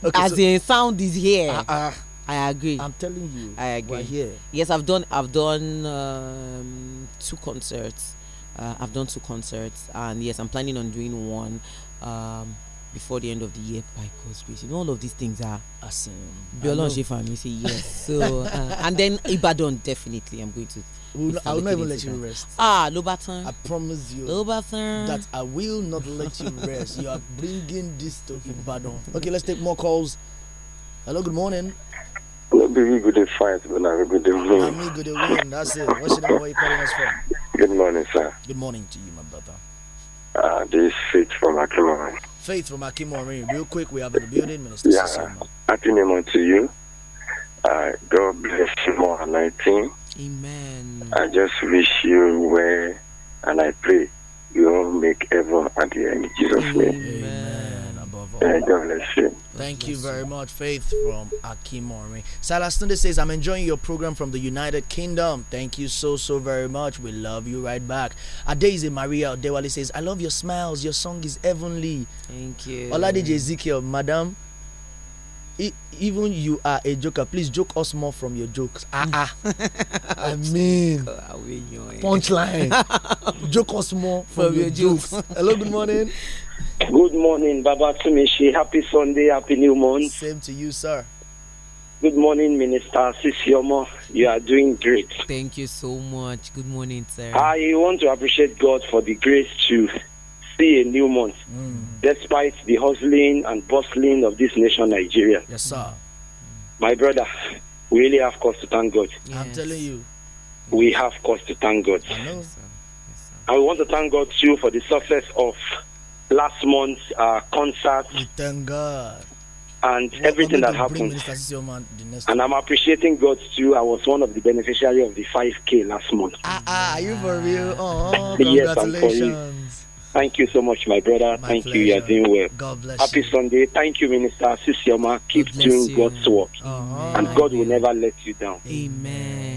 Okay, As so, in sound is here. Uh, uh, I agree. I'm telling you. I agree. We're here. Yes, I've done. I've done um, two concerts. Uh, I've done two concerts, and yes, I'm planning on doing one. Um, before the end of the year by God's grace. You know, all of these things are awesome. Biolon Shefam, you say yes. So, uh, and then Ibadan, definitely, I'm going to will, I will not even let you rest. Ah, ló bá I promise you. ló bá That I will not let you rest. you are bringing this to Ibadan. Okay, let's take more calls. Hello, good morning. Hello, baby. Good day, fine. Good evening. I mean, good evening. That's it. What's your name? Where you calling us from? Good morning, sir. Good morning to you, my brother. Uh, this is Faith from Akimorin. Faith from Akimorin. Real quick, we have in the building, Minister yeah. Happy name to you. Uh, God bless you more and 19. Amen. I just wish you well and I pray you all make heaven at the end. In Jesus' name. Amen. Above all. God bless you. Thank you very much, Faith from Akimori. Salastunde says, I'm enjoying your program from the United Kingdom. Thank you so, so very much. We love you right back. Adeze Maria Odewale says, I love your smiles. Your song is heavenly. Thank you. Oladeji Ezekiel, Madam even you are a joker please joke us more from your jokes ah mm. ah i mean punchline joke us more from, from your, jokes. jokes. hello good morning good morning baba tumishi happy sunday happy new month same to you sir good morning minister sisiomo you are doing great thank you so much good morning sir i want to appreciate god for the grace to see a new month, mm. despite the hustling and bustling of this nation, Nigeria. Yes, sir. My brother, we really have cause to thank God. Yes. I'm telling you. We have cause to thank God. I Yes, sir. Yes, sir. I want to thank God too for the success of last month's uh, concert. We thank God. And everything that happened. And I'm appreciating God too. I was one of the beneficiaries of the 5K last month. Ah, ah are you for real? Oh, congratulations. yes, I'm for you. Thank you so much, my brother. My Thank pleasure. you. You're doing well. God bless Happy you. Sunday. Thank you, Minister Sisioma. Keep God doing you. God's work. And God will never let you down. Amen.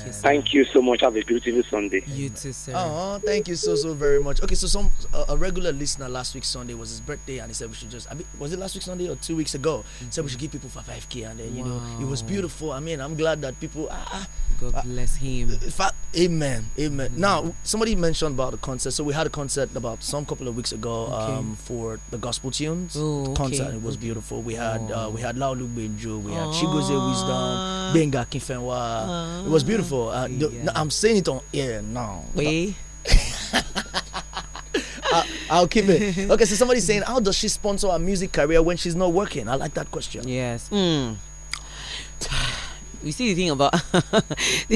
Thank you. Sir. Thank you so much. Have a beautiful Sunday. You too, sir. Oh, oh thank you so so very much. Okay, so some uh, a regular listener last week Sunday was his birthday, and he said we should just. I mean, was it last week Sunday or two weeks ago? Mm -hmm. Said we should give people for five k, and then you know it was beautiful. I mean, I'm glad that people. Ah, ah God ah. bless him. amen. Amen. Mm -hmm. Now somebody mentioned about the concert. So we had a concert about some couple of weeks ago okay. um, for the gospel tunes oh, okay. concert. It was beautiful. We had uh, oh. we had Laulu Benjo, we had oh. Chigoze Wisdom, Benga Kifenwa. It was beautiful. Uh, yeah. no, I'm saying it on air now. We, I, I'll keep it. Okay, so somebody's saying, how does she sponsor her music career when she's not working? I like that question. Yes. Mm. you see the thing about the,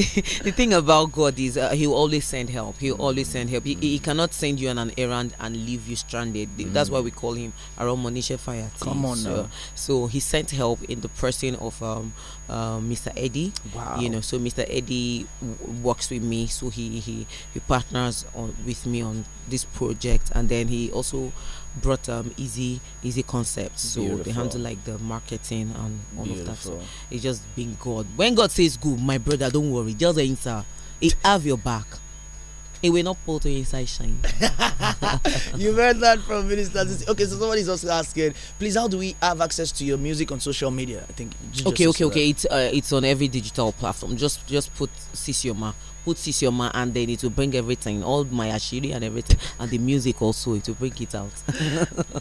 the, thing about god is uh, he'll always send help he'll always send help he, he cannot send you on an errand and leave you stranded mm. that's why we call him our aromonisha fire come on so, so, he sent help in the person of um, uh, Mr. Eddie. Wow. You know, so Mr. Eddie works with me, so he he, he partners on, with me on this project, and then he also brought um easy easy concepts so Beautiful. they handle like the marketing and all Beautiful. of that so it's just being god when god says good my brother don't worry just enter it have your back He will not pull to inside shine. you heard that from Minister. Okay, so somebody's also asking, please, how do we have access to your music on social media? I think. Okay, okay, okay. It's uh, it's on every digital platform. Just just put Sisioma put Sisioma and then it will bring everything, all my ashiri and everything, and the music also, it will bring it out.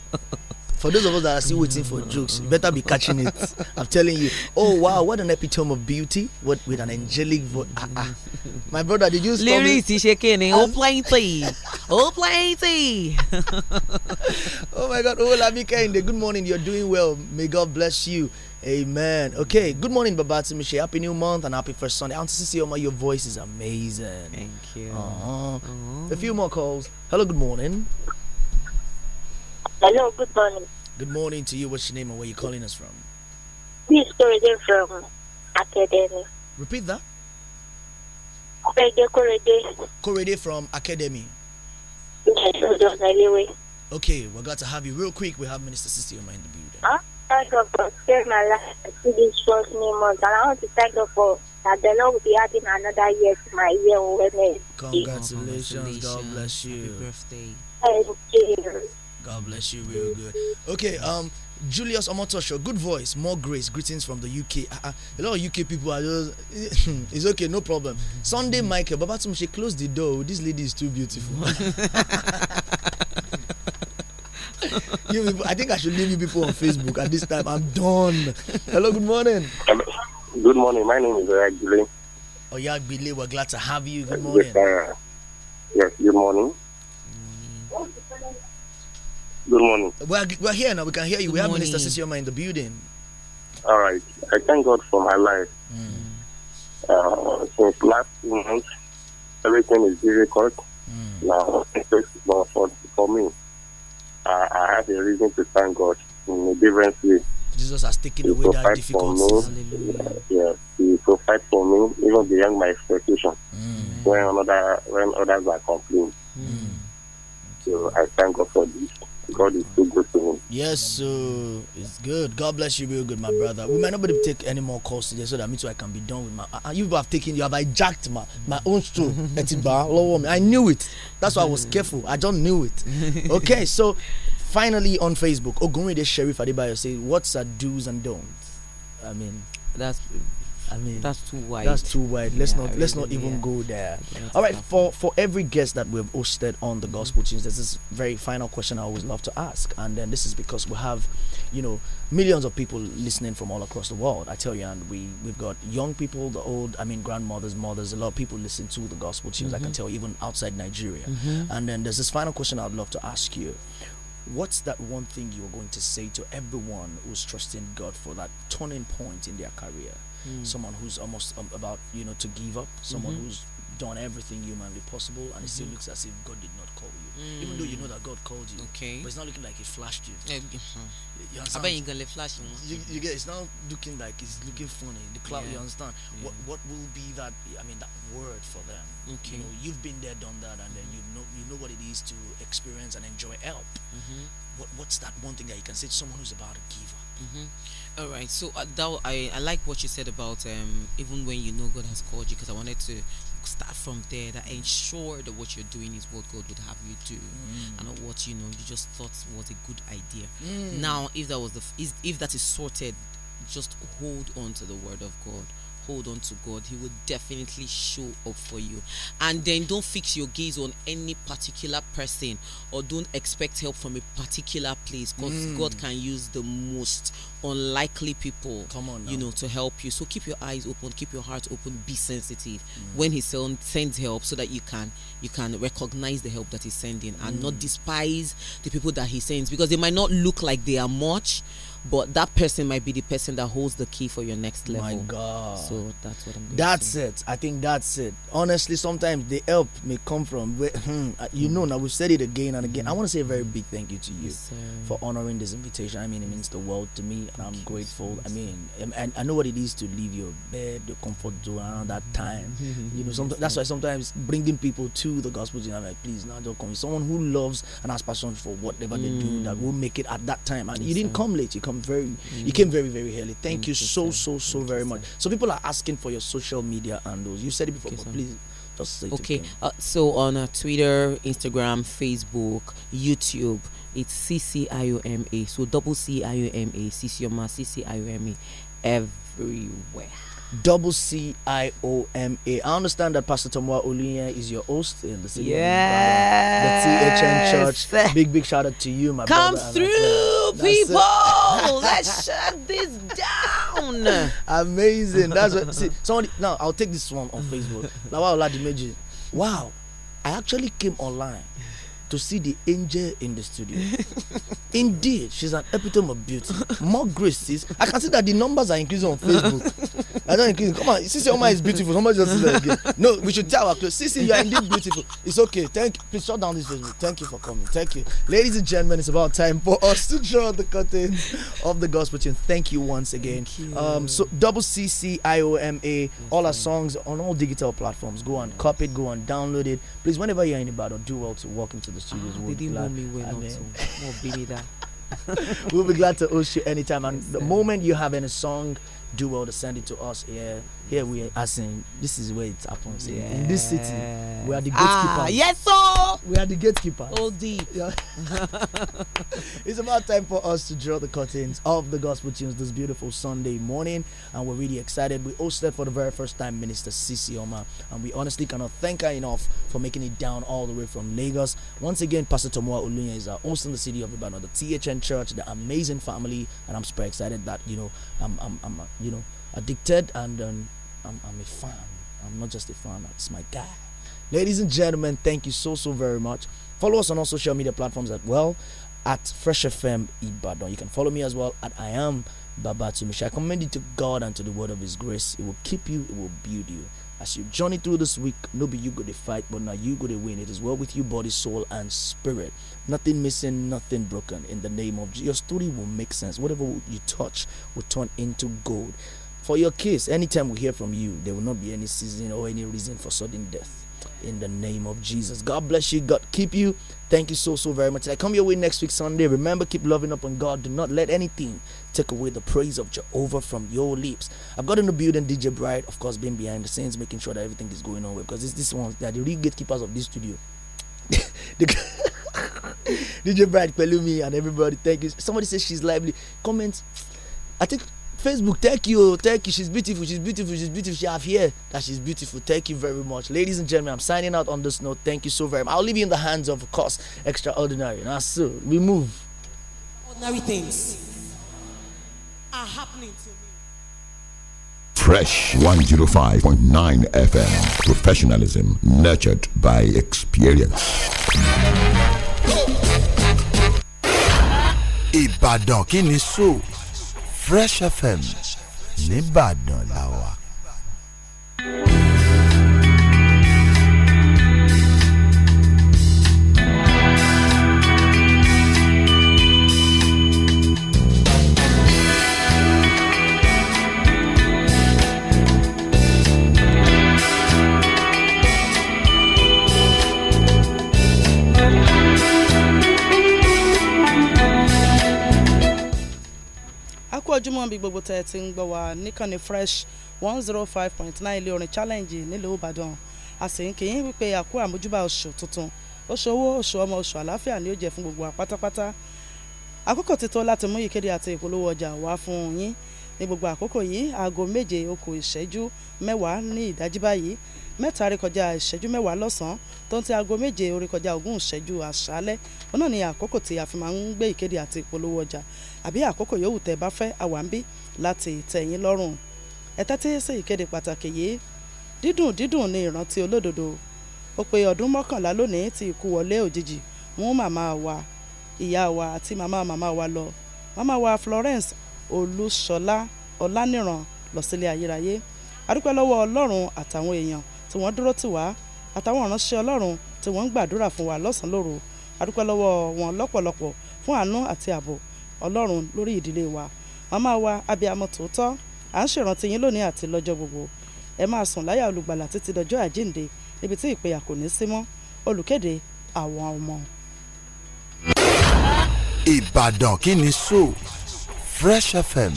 for those of us that are still waiting for jokes, you better be catching it. I'm telling you. Oh wow, what an epitome of beauty! What with an angelic voice. Ah, ah. My brother, did you? Lyrics, you shaking it. Oh plenty, oh plenty. Oh my God, oh Labikende, good morning. You're doing well. May God bless you. Amen. Okay, good morning, Babati Michelle. Happy new month and happy first Sunday. Auntie Sisioma, your voice is amazing. Thank you. Uh-huh. Uh-huh. A few more calls. Hello, good morning. Hello, good morning. Good morning to you. What's your name and where you calling us from? This Korede from Academy. Repeat that. Korede, Korede. from Academy. Okay, we're glad to have you. Real quick, we have Minister Sisioma in the building. Huh? Thank you for sharing my life this first month. And I want to thank God for that the Lord will be adding another year to my year Congratulations. Oh, Congratulations. God bless you. Happy birthday. Thank you. God bless you, real good. Okay, um, Julius Omotosho, good voice, more grace. Greetings from the UK. Uh, ah, ah, a lot of UK people are just, it's okay, no problem. Sunday, hmm. Michael, Baba she closed the door. This lady is too beautiful. you people, I think I should leave you people on Facebook at this time. I'm done. Hello, good morning. Hello. Good morning. My name is oh, yeah, Oyagbile, we're glad to have you. Good morning. Yes, uh, yes good morning. Good morning. We're, we're here now. We can hear you. Good we have morning. Minister Sisioma in the building. All right. I thank God for my life. Mm. Uh, since last two months, everything is difficult. Mm. Now, but for, for me, I, I have a reason to thank God in a different way. Jesus has taken he away that difficulties. Hallelujah. Yeah, he provides for me even beyond my expectation mm. when other when others are complaining. Mm. So I thank God for this. God is so good to me. Yes, so it's good. God bless you, real good, my brother. We might not be able to take any more calls today, so that means I can be done with my. Uh, you have taken, you have hijacked my my own stool. I knew it. That's why I was careful. I just knew it. Okay, so finally on Facebook, Ogunride Sheriff Adibayo say, "What's our do's and don'ts?" I mean, that's I mean, that's too wide. That's too wide. Let's yeah, not let's really, not even yeah. go there. All right, for for every guest that we've hosted on the mm -hmm. Gospel mm-hmm. Tunes, there's this very final question I always love to ask, and then this is because we have, you know, millions of people listening from all across the world. I tell you, and we we've got young people, the old, I mean, grandmothers, mothers. A lot of people listen to the Gospel Tunes. Mm -hmm. I can mm-hmm. tell even outside Nigeria. Mm -hmm. And then there's this final question I'd love to ask you what's that one thing you're going to say to everyone who's trusting God for that turning point in their career? mm. someone who's almost um, about you know to give up, someone mm-hmm. who's done everything humanly possible, and mm-hmm. it still mm-hmm. looks as if God did not call you, mm. even though you know mm. that God called you. Okay, but it's not looking like He flashed eh, hmm. you. You I bet you're gonna flash him. You, you get it's not looking like it's looking funny. The cloud, yeah. you understand? Yeah. What what will be that? I mean, that word for them. Okay, you know, you've been there, done that, and mm-hmm. then you mm-hmm. know you know what it is to experience and enjoy help. Mm-hmm. What what's that one thing that you can say to someone who's about to give up? Mm-hmm. All right. So uh, that I, I like what you said about um, even when you know God has called you because I wanted to start from there that ensure that what you're doing is what God would have you do mm. and not what you know you just thought was a good idea. Mm. Now, if that was the f- if that is sorted, just hold on to the word of God hold on to God. He will definitely show up for you. And then don't fix your gaze on any particular person or don't expect help from a particular place because mm. God can use the most unlikely people Come on now. you know to help you. So keep your eyes open, keep your heart open, be sensitive mm. when he sends help so that you can you can recognize the help that he's sending and not hmm. despise the people that he sends because they might not look like they are much but that person might be the person that holds the key for your next level. My God. So that's what I'm going That's to. it. I think that's it. Honestly, sometimes the help may come from, hmm, uh, you mm. know, now we've said it again and again. Mm. I want to say a very big thank you to you yes, for honoring this invitation. I mean, it means the world to me, and I'm grateful. I mean, um, and I know what it is to leave your bed, your comfort zone around that mm-hmm. time. you know, sometimes, that's why sometimes bringing people to the gospel, you know, like, please, now don't come. Someone who loves and has passion for whatever mm. they do that mm. will make it at that time. And yes, you didn't sir. come late, you come come very mm. you came very very early thank mm. you so so so very much so people are asking for your social media handles you said it before okay, but please just say okay uh, so on uh, twitter instagram facebook youtube it's c-c-i-o-m-a so double c-i-o-m-a c-c-i-o-m-a everywhere double C I O M A. I understand that Pastor Tomwa Olunya is your host in the city the THN Church. Big big shout out to you, my Come brother. Come through, people. Let's shut this down. Amazing. That's what. See, somebody. Now I'll take this one on Facebook. Wow, I actually came online to see the angel in the studio. Indeed, she's an epitome of beauty. More grace, sis. I can see that the numbers are increasing on Facebook. I don't increase. Come on, Sissy Oma is beautiful. Somebody just said that again. No, we should tell our clothes. Sissy, you are indeed beautiful. It's okay. Thank you. Please shut down this video. Thank you for coming. Thank you. Ladies and gentlemen, it's about time for us to draw the curtain of the gospel tune. Thank you once again. You. Um, so double IOMA, All our songs on all digital platforms. Go and copy it, go and download it. Please, whenever you're in battle, do well to walk into the studios. Ah, they didn't know me well, not to. What that? we'll be glad to host you anytime. And the moment you have any song, do well to send it to us here here we are as in this is where it happens yeah. in this city we are the gatekeeper ah, yes so we are the gatekeeper oh deep yeah. it's about time for us to draw the curtains of the gospel tunes this beautiful sunday morning and we're really excited we hosted for the very first time minister sisi oma and we honestly cannot thank her enough for making it down all the way from lagos once again pastor tomoa olunya is our uh, host in the city of ibadan the thn church the amazing family and i'm super excited that you know i'm i'm, I'm uh, you know addicted and um, I'm, I'm a fan. I'm not just a fan, it's my guy. Ladies and gentlemen, thank you so, so very much. Follow us on all social media platforms as well at Fresh FM Ibadan. You can follow me as well at I am Babatunde. I commend you to God and to the word of His grace. It will keep you, it will build you. As you journey through this week, no be you go to fight, but now you go to win. It is well with you, body, soul, and spirit. Nothing missing, nothing broken. In the name of Jesus, your story will make sense. Whatever you touch will turn into gold. For your case, anytime we hear from you, there will not be any season or any reason for sudden death. In the name of Jesus. God bless you. God keep you. Thank you so, so very much. I come your way next week, Sunday. Remember, keep loving up on God. Do not let anything take away the praise of Jehovah from your lips. I've got in the building DJ Bright, of course, being behind the scenes, making sure that everything is going on well. Because it's this one, that the real gatekeepers of this studio. DJ Bright, Pelumi, and everybody, thank you. Somebody says she's lively. Comment. I think Facebook, thank you, thank you. She's beautiful, she's beautiful, she's beautiful. She have here that she's beautiful. Thank you very much. Ladies and gentlemen, I'm signing out on this note. Thank you so very much. I'll leave you in the hands of, of course, extraordinary. Now, so we move. Ordinary things are happening to me. Fresh 105.9 FM. Professionalism nurtured by experience. Ibadan kini so Fresh FM nìbàdàn làwà. thank you kú ojúmọ́ bí gbogbo tẹ̀ ti ń gbọ́ wá níkànnì fresh one zero oh five point nine ilé orin challenge nílùú ìbàdàn a sì ń kì í wípé àkú àmójúbà oṣù tuntun oṣù owó oṣù ọmọ oṣù àlàáfíà ni ó jẹ fún gbogbo wa pátápátá àkókò ti tó láti mú ìkéde àti ìpolówó ọjà wá fún yín ní gbogbo àkókò yìí aago méje okò ìṣẹ́jú mẹ́wàá ní ìdájí báyìí mẹ́ta rékọjá ìṣẹ́jú mẹ́wàá lọ́sàn-án tó ń ti aago méje orékọjá ogún ìṣẹ́jú àṣálẹ́ òun náà ni àkókò tí a fi máa ń gbé ìkéde àti ìpolówó ọjà àbí àkókò yòówù tẹ́ bá fẹ́ àwa ń bí láti tẹ̀yìn lọ́rùn ẹ tẹ́tí sí ìkéde pàtàkì yìí dídùn dídùn ni ìrántí olódodo ó pé ọdún mọ́kànlá lónìí ti ikú wọlé òjijì mú màmá wa ìyá wa àti màmá màmá wa lọ màmá wa Florence Olúṣọlá Ọlánìràn lọ sílé ayérayé adúpẹ́ lọ́wọ́ Ọlọ́run àtàwọn èèyàn tí wọ́n dúró tì wá àtàwọn ìránṣẹ́ Ọlọ́run tí wọ́n ń gbàdúrà fún wa lọ́sàn-án lóru adúpẹ́ lọ́wọ́ wọn lọ́pọ̀lọpọ̀ fún àánú àti ààbò ọlọ́run lórí ìdílé wa màmá wa abiyamọ tòótọ́ à ń ṣèrántí yín lónìí àti lọ́jọ́ gbogbo ẹ máa sùn láyà olùgbàlà títí dọjọ́ àjíǹde níbi tí ìpẹ̀yà kò ní sí mọ́ olùkéde àwọn ọmọ. ìbàdàn kí ni so fresh fm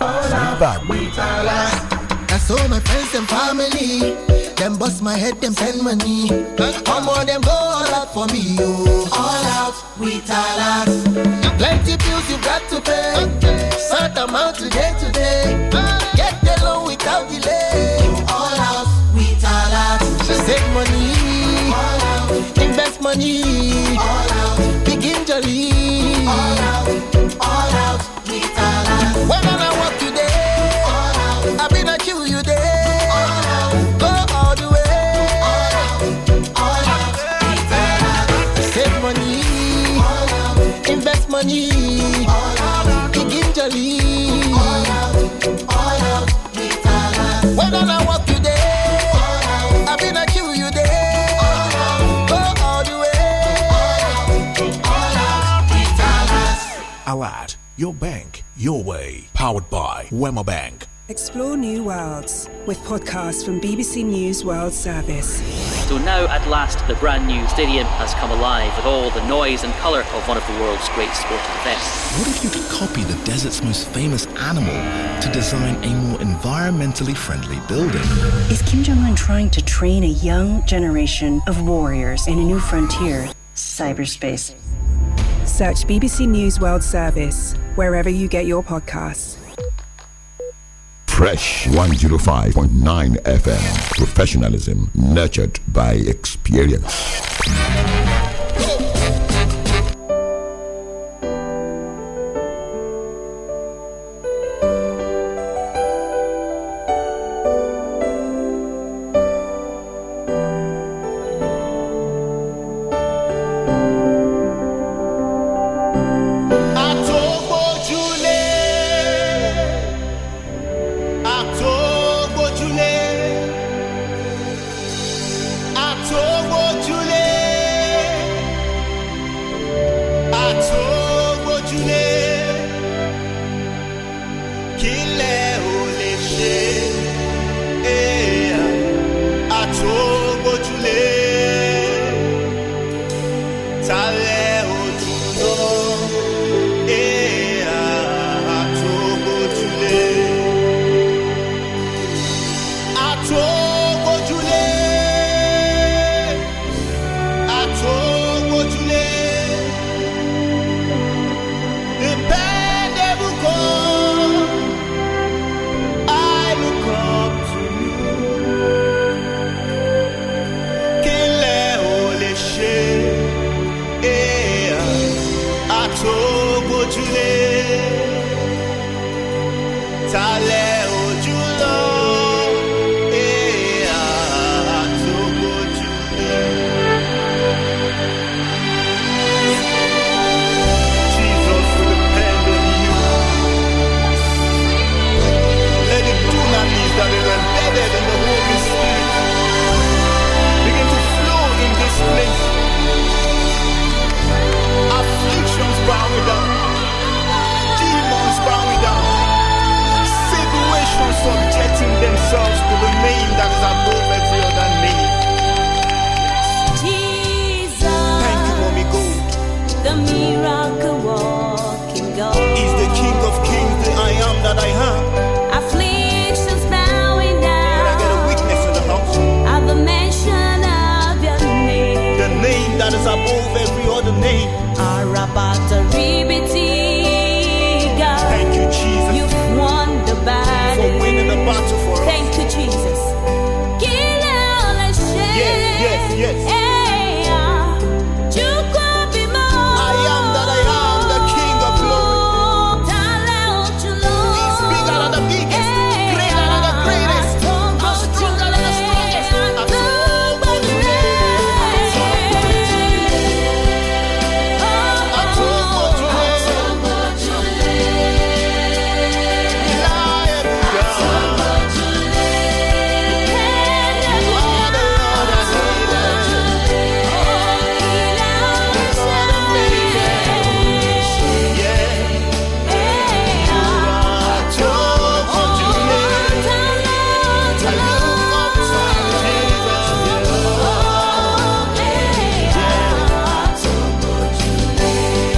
nìbàdàn. I my friends and family. Them bust my head, them send money. Come on, them go all out for me, yo. Oh. All out with all out. Plenty you got to pay. Okay. amount today, today. Get the loan without delay. All out, we all out. Save money. All out. Invest money. All out. Big injury. All out, all out, we all out. When I walk today, all I kill you there. money. Your bank, your way. Powered by Wemmer Bank. Explore new worlds with podcasts from BBC News World Service. So now, at last, the brand new stadium has come alive with all the noise and colour of one of the world's great sporting events. What if you could copy the desert's most famous animal to design a more environmentally friendly building? Is Kim Jong un trying to train a young generation of warriors in a new frontier, cyberspace? Search BBC News World Service wherever you get your podcasts. Fresh 105.9 FM. Professionalism nurtured by experience.